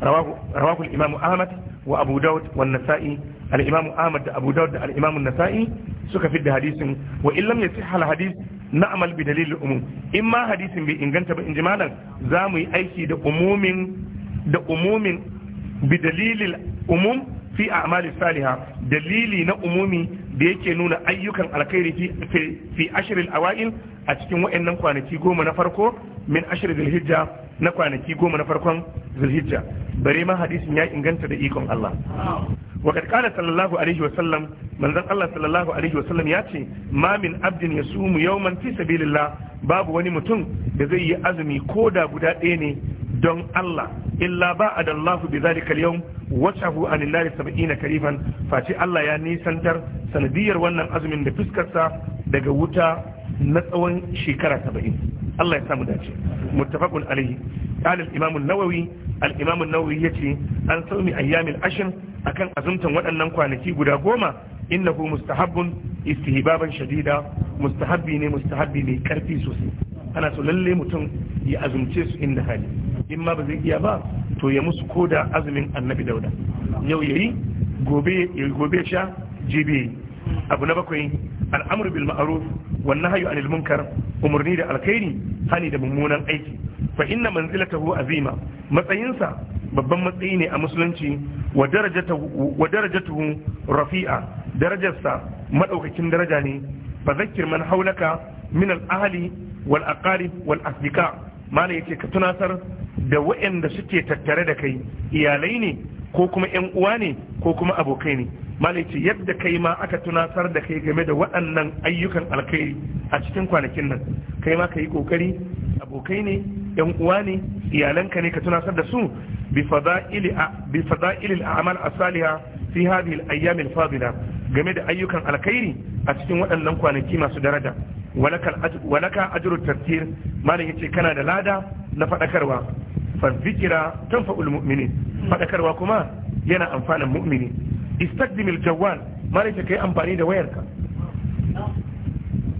rawahu al-imam Ahmad wa Abu Dawud wa nasai al-imam Ahmad da Abu Dawud da al-imam nasai suka fidda hadisin wa illam yasihha al-hadith na'mal bi dalil al-umum in ma hadisin bai inganta ba in malam za mu yi aiki da umumin da umumin bi dalilil umum fi a'mali saliha dalili na umumi da yake nuna ayyukan alkhairi fi fi ashril awail a cikin wayannan kwanaki goma na farko min ashr zulhijja na kwanaki goma na farkon zulhijja bare ma hadisin ya inganta da ikon Allah وقد قال صلى الله عليه وسلم من ذن الله صلى الله عليه وسلم ياتي ما من عبد يصوم يوما في سبيل babu wani mutum da zai yi azumi ko da guda ɗaya ne don Allah illa ba a dallahu bi zalika yau wacce hu an lari saba'i na karifan face Allah ya nisantar sanadiyyar wannan azumin da fuskarsa daga wuta na tsawon shekara saba'in Allah ya samu dace muttafaqun alaihi qala al imam an-nawawi al imam an-nawawi yace an sawmi ayyam al-ashr akan azumtan waɗannan kwanaki guda goma innahu mustahabbun istihbaban shadida mustahabbi ne mustahabbi ne karfi sosai ana so lalle mutum ya azumce su inda hali in ma ba zai iya ba to ya musu ko da azumin annabi dauda yau yayi gobe gobe sha jibi abu na bakwai al'amur bil ma'aruf wan nahyu anil munkar umurni da alkhairi hani da mummunan aiki fa inna manzilatahu azima matsayinsa babban matsayi ne a musulunci wa darajatuhu rafi'a darajarsa madaukakin daraja ne fa zakkir man haulaka min al ahli wal aqarib wal asdiqa malai ka tunasar da waɗanda suke tattare da kai iyalai ne ko kuma yan uwa ne ko kuma abokai ne malai yadda kai ma aka tunasar da kai game da waɗannan ayyukan alkhairi a cikin kwanakin nan kai ma ka yi kokari abokai ne yan uwa ne iyalanka ne ka tunasar da su bi fada'ili fada'ilil a'mal as Saliha, fi hadhihi al-ayyam al-fadila game da ayyukan alkhairi a cikin waɗannan kwanaki masu daraja walaka ajru tafsir malam yace kana da lada na fadakarwa fa zikira tanfa'ul mu'minin fadakarwa kuma yana amfanan mu'mini istaqdimil jawwal malam yace kai amfani da wayarka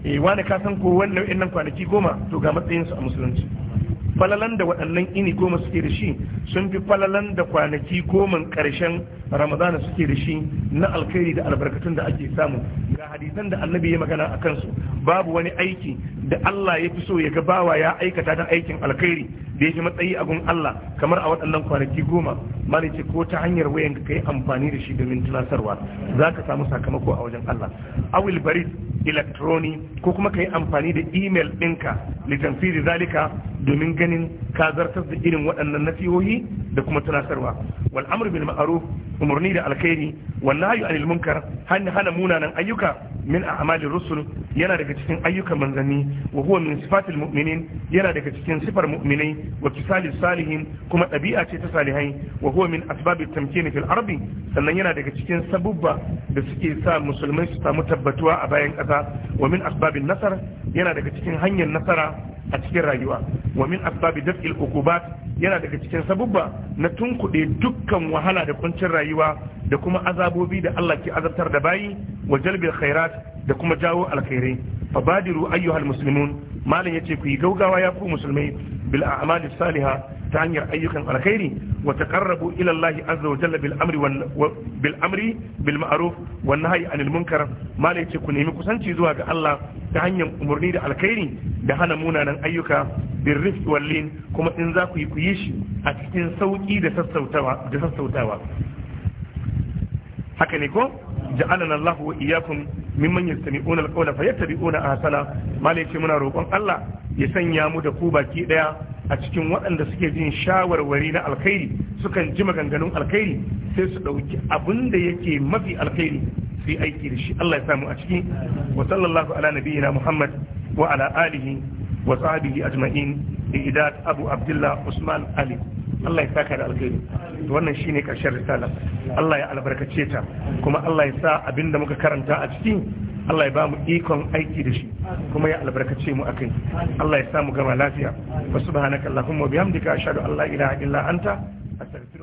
eh wani ka san ko wannan in nan kwanaki goma to ga matsayin su a musulunci falalan da waɗannan ini goma suke da shi sun fi falalan da kwanaki goma ƙarshen ramadana suke da shi na alkhairi da albarkatun da ake samu hadisan da annabi ya magana a kansu babu wani aiki da Allah ya fi so ya ga bawa ya aikata ta aikin alkhairi da ya fi matsayi a gun Allah kamar a waɗannan kwanaki goma mani ce ko ta hanyar wayan ka yi amfani da shi domin tunasarwa za ka samu sakamako a wajen Allah awil barit electroni ko kuma ka yi amfani da email ɗinka litamfiri zalika domin ganin ka zartar da irin waɗannan nasihohi da kuma tunasarwa wal amru bil ma'ruf umurni da alkhairi wal nahyu anil munkar hana munanan ayyuka min a'malir rusul yana daga cikin ayyukan manzanni wa huwa min sifatil mu'minin yana daga cikin sifar mu'minai wa kisali salihin kuma ɗabi'a ce ta salihai wa huwa min asbabit tamkini fil sannan yana daga cikin sabubba da suke sa musulmai su samu tabbatuwa a bayan ƙasa wa min asbabin nasar yana daga cikin hanyar nasara a cikin rayuwa wa min asbabi daf'il uqubat yana daga cikin sabubba na tunkuɗe dukkan wahala da kwancin rayuwa da kuma azabobi da Allah ke azabtar da bayi wa jalbil khairat da kuma jawo alkhairai fa badiru ayyuhal muslimun malam yace ku yi gaugawa ya ku musulmai bil a'mali salihah ta hanyar ayyukan alkhairi wa taqarrabu ila Allah azza wa jalla bil amri bil amri bil ma'ruf wa nahyi anil munkar malai ce ku nemi kusanci zuwa ga Allah ta hanyar umurni da alkhairi da hana munanan ayyuka bil rifq wal lin kuma in za ku yi ku yi shi a cikin sauki da sassautawa da sassautawa haka ne ko ja'alana Allah wa iyyakum mimman yastami'una al-qawla fayattabi'una ahsana malai ce muna roƙon Allah ya sanya mu da ku baki daya a cikin waɗanda suke jin shawarwari na alkhairi sukan ji maganganun alkhairi sai su ɗauki abin da yake mafi alkhairi su yi aiki da shi Allah ya samu a ciki wa sallallahu ala nabiyyina Muhammad wa ala alihi wa sahbihi ajma'in idat Abu Abdullah Usman Ali Allah ya saka da alkhairi wannan shine karshen risala Allah ya albarkace ta kuma Allah ya sa abinda muka karanta a ciki Allah ya ba mu ikon aiki da shi kuma ya albarkace mu akai Allah ya samu gama lafiya wa subhanaka allahumma bihamdika ashhadu an la ilaha illa anta astaghfiruka